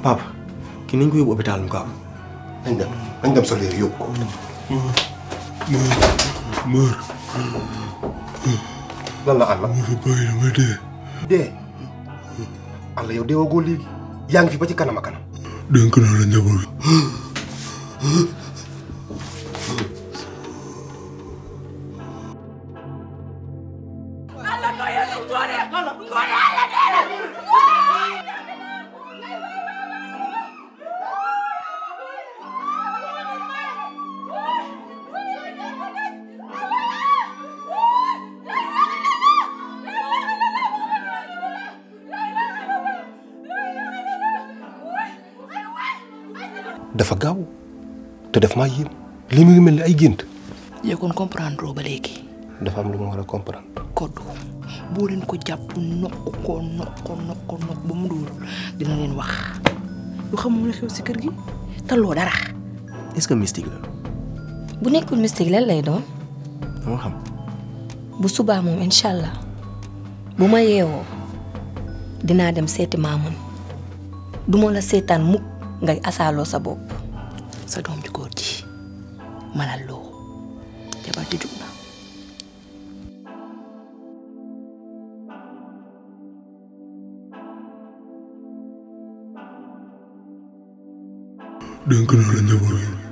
Papa, kini gue buat yóbbu hôpital mu gaaw. nañ dem nañ Mur, sa liir yóbbu ko. Mër. lan la àll. mu fi bàyyi dama dee. dee. àll yow deewagoo léegi. yaa ngi fi Allah, no, dafa gaaw te daf maa yéem li mu mel ni ay gént. yow kon comprendre ba léegi. dafa am lu ma war a comprendre. Codou boo leen ko jàpp nokk ko nokk ko nokk ba mu dóor dina leen wax lu xamul ne xew si kër gi taloo dara. est-ce que la. bu nekkul mystique lan lay doon. bu subaa moom incha allah bu ma yeewoo dinaa dem seeti maamun du la seetaan mukk ngay asalo sa bop sa dom ju góor ji manal loo jabar ju jug na la njaboot